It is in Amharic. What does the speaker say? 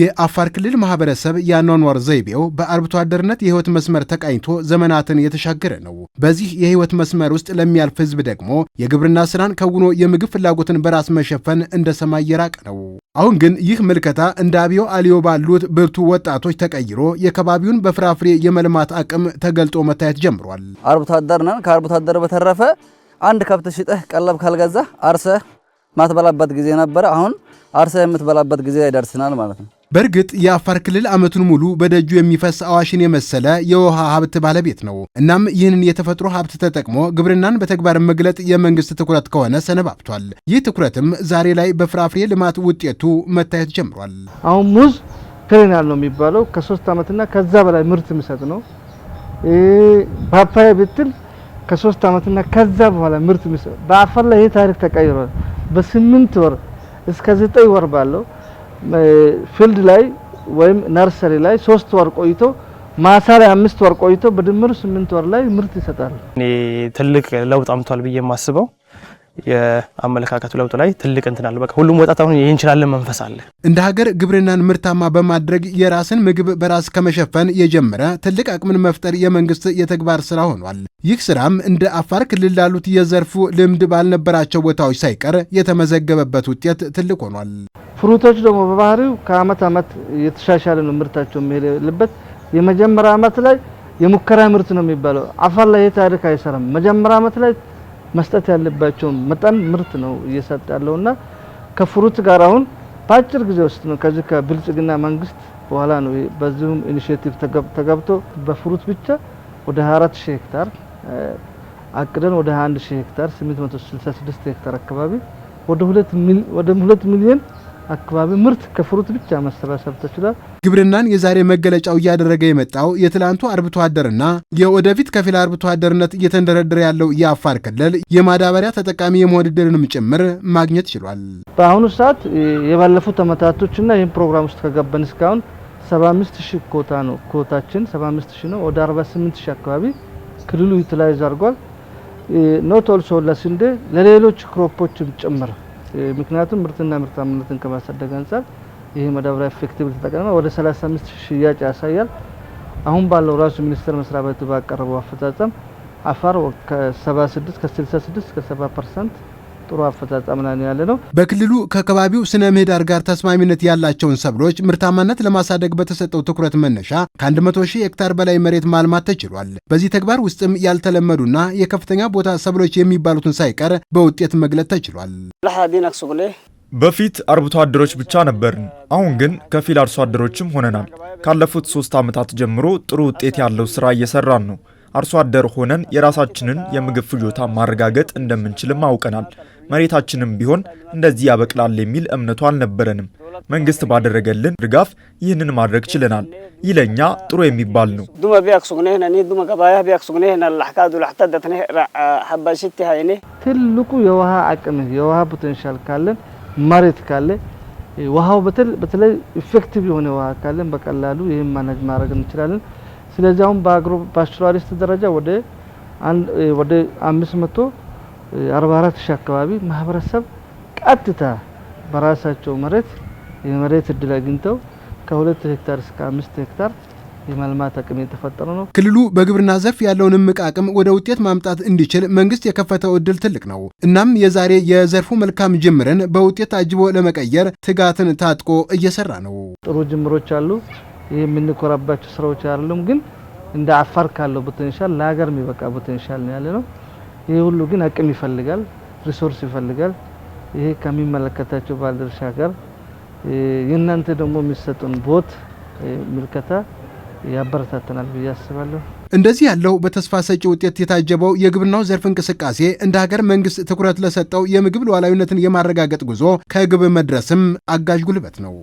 የአፋር ክልል ማህበረሰብ የአኗኗር ዘይቤው በአርብቶ አደርነት የህይወት መስመር ተቃኝቶ ዘመናትን የተሻገረ ነው። በዚህ የህይወት መስመር ውስጥ ለሚያልፍ ህዝብ ደግሞ የግብርና ስራን ከውኖ የምግብ ፍላጎትን በራስ መሸፈን እንደ ሰማይ የራቀ ነው። አሁን ግን ይህ ምልከታ እንደ አብዮ አሊዮ ባሉት ብርቱ ወጣቶች ተቀይሮ የከባቢውን በፍራፍሬ የመልማት አቅም ተገልጦ መታየት ጀምሯል። አርብቶ አደር ነን። ከአርብቶ አደር በተረፈ አንድ ከብት ሽጠህ ቀለብ ካልገዛህ አርሰህ ማትበላበት ጊዜ ነበረ። አሁን አርሰህ የምትበላበት ጊዜ ላይ ደርስናል ማለት ነው። በእርግጥ የአፋር ክልል ዓመቱን ሙሉ በደጁ የሚፈስ አዋሽን የመሰለ የውሃ ሀብት ባለቤት ነው። እናም ይህንን የተፈጥሮ ሀብት ተጠቅሞ ግብርናን በተግባር መግለጥ የመንግስት ትኩረት ከሆነ ሰነባብቷል። ይህ ትኩረትም ዛሬ ላይ በፍራፍሬ ልማት ውጤቱ መታየት ጀምሯል። አሁን ሙዝ ፔሬናል ነው የሚባለው ከሶስት ዓመትና ከዛ በላይ ምርት የሚሰጥ ነው። ፓፓያ ብትል ከሶስት ዓመትና ከዛ በኋላ ምርት የሚሰጥ በአፋር ላይ ይህ ታሪክ ተቀይሯል። በስምንት ወር እስከ ዘጠኝ ወር ባለው ፊልድ ላይ ወይም ነርሰሪ ላይ ሶስት ወር ቆይቶ ማሳ ላይ አምስት ወር ቆይቶ በድምር ስምንት ወር ላይ ምርት ይሰጣል። እኔ ትልቅ ለውጥ አምቷል ብዬ የማስበው የአመለካከቱ ለውጥ ላይ ትልቅ እንትን አለ። በቃ ሁሉም ወጣት አሁን እንችላለን መንፈስ አለ። እንደ ሀገር ግብርናን ምርታማ በማድረግ የራስን ምግብ በራስ ከመሸፈን የጀመረ ትልቅ አቅምን መፍጠር የመንግስት የተግባር ስራ ሆኗል። ይህ ስራም እንደ አፋር ክልል ላሉት የዘርፉ ልምድ ባልነበራቸው ቦታዎች ሳይቀር የተመዘገበበት ውጤት ትልቅ ሆኗል። ፍሩቶች ደግሞ በባህሪው ከአመት አመት የተሻሻለ ነው ምርታቸው የሚሄድ ያለበት። የመጀመሪያ አመት ላይ የሙከራ ምርት ነው የሚባለው። አፈር ላይ ታሪክ አይሰራም። መጀመሪያ አመት ላይ መስጠት ያለባቸው መጠን ምርት ነው እየሰጠ ያለውና ከፍሩት ጋር አሁን በአጭር ጊዜ ውስጥ ነው ከዚህ ከብልጽግና መንግስት በኋላ ነው በዚሁም ኢኒሽቲቭ ተገብቶ በፍሩት ብቻ ወደ 24 ሺህ ሄክታር አቅደን ወደ 21 ሺህ ሄክታር 866 ሄክታር አካባቢ ወደ 2 ሚሊዮን አካባቢ ምርት ከፍሩት ብቻ መሰባሰብ ተችሏል። ግብርናን የዛሬ መገለጫው እያደረገ የመጣው የትላንቱ አርብቶ አደርና የወደፊት ከፊል አርብቶ አደርነት እየተንደረደረ ያለው የአፋር ክልል የማዳበሪያ ተጠቃሚ የመሆን ዕድልንም ጭምር ማግኘት ችሏል። በአሁኑ ሰዓት የባለፉት ዓመታቶችና ይህን ፕሮግራም ውስጥ ከገባን እስካሁን 75 ሺህ ኮታ ነው ኮታችን 75 ሺህ ነው። ወደ 48 ሺህ አካባቢ ክልሉ ዩቲላይዝ አድርጓል። ኖት ኦልሶ ለስንዴ ለሌሎች ክሮፖችም ጭምር ምክንያቱም ምርትና ምርታማነትን ከማሳደግ አንጻር ይሄ ማዳበሪያ ኤፌክቲቭ ተጠቅመን ወደ 35 ሽያጭ ያሳያል። አሁን ባለው ራሱ ሚኒስቴር መስሪያ ቤቱ ባቀረበው አፈጻጸም አፋር ከ76 ከ66 ከ70 ፐርሰንት ጥሩ አፈጻጸም ነን ያለ ነው። በክልሉ ከከባቢው ስነ ምህዳር ጋር ተስማሚነት ያላቸውን ሰብሎች ምርታማነት ለማሳደግ በተሰጠው ትኩረት መነሻ ከ100 ሺህ ሄክታር በላይ መሬት ማልማት ተችሏል። በዚህ ተግባር ውስጥም ያልተለመዱና የከፍተኛ ቦታ ሰብሎች የሚባሉትን ሳይቀር በውጤት መግለጥ ተችሏል። በፊት አርብቶ አደሮች ብቻ ነበርን። አሁን ግን ከፊል አርሶ አደሮችም ሆነናል። ካለፉት ሶስት ዓመታት ጀምሮ ጥሩ ውጤት ያለው ስራ እየሰራን ነው። አርሶ አደር ሆነን የራሳችንን የምግብ ፍጆታ ማረጋገጥ እንደምንችልም አውቀናል። መሬታችንም ቢሆን እንደዚህ ያበቅላል የሚል እምነቱ አልነበረንም። መንግስት ባደረገልን ድጋፍ ይህንን ማድረግ ችለናል። ይህ ለእኛ ጥሩ የሚባል ነው። ትልቁ የውሃ አቅም የውሃ ፖቴንሻል ካለን መሬት ካለ ውሃው በተለይ ኢፌክቲቭ የሆነ ውሃ ካለን በቀላሉ ይህን ማነጅ ማድረግ እንችላለን። ስለዚህ አሁን በአግሮ ፓስቶራሊስት ደረጃ ወደ አምስት መቶ አርባ አራት ሺህ አካባቢ ማህበረሰብ ቀጥታ በራሳቸው መሬት የመሬት እድል አግኝተው ከሁለት ሄክታር እስከ አምስት ሄክታር የማልማት አቅም የተፈጠረ ነው። ክልሉ በግብርና ዘርፍ ያለውን እምቅ አቅም ወደ ውጤት ማምጣት እንዲችል መንግስት የከፈተው እድል ትልቅ ነው። እናም የዛሬ የዘርፉ መልካም ጅምርን በውጤት አጅቦ ለመቀየር ትጋትን ታጥቆ እየሰራ ነው። ጥሩ ጅምሮች አሉ። ይህ የምንኮራባቸው ስራዎች አይደሉም፣ ግን እንደ አፋር ካለው ፖቴንሻል ለሀገር የሚበቃ ፖቴንሻል ያለ ነው። ይህ ሁሉ ግን አቅም ይፈልጋል፣ ሪሶርስ ይፈልጋል። ይሄ ከሚመለከታቸው ባለድርሻ ጋር የእናንተ ደግሞ የሚሰጡን ቦት ምልከታ ያበረታተናል ብዬ አስባለሁ። እንደዚህ ያለው በተስፋ ሰጪ ውጤት የታጀበው የግብርናው ዘርፍ እንቅስቃሴ እንደ ሀገር መንግስት ትኩረት ለሰጠው የምግብ ሉዓላዊነትን የማረጋገጥ ጉዞ ከግብ መድረስም አጋዥ ጉልበት ነው።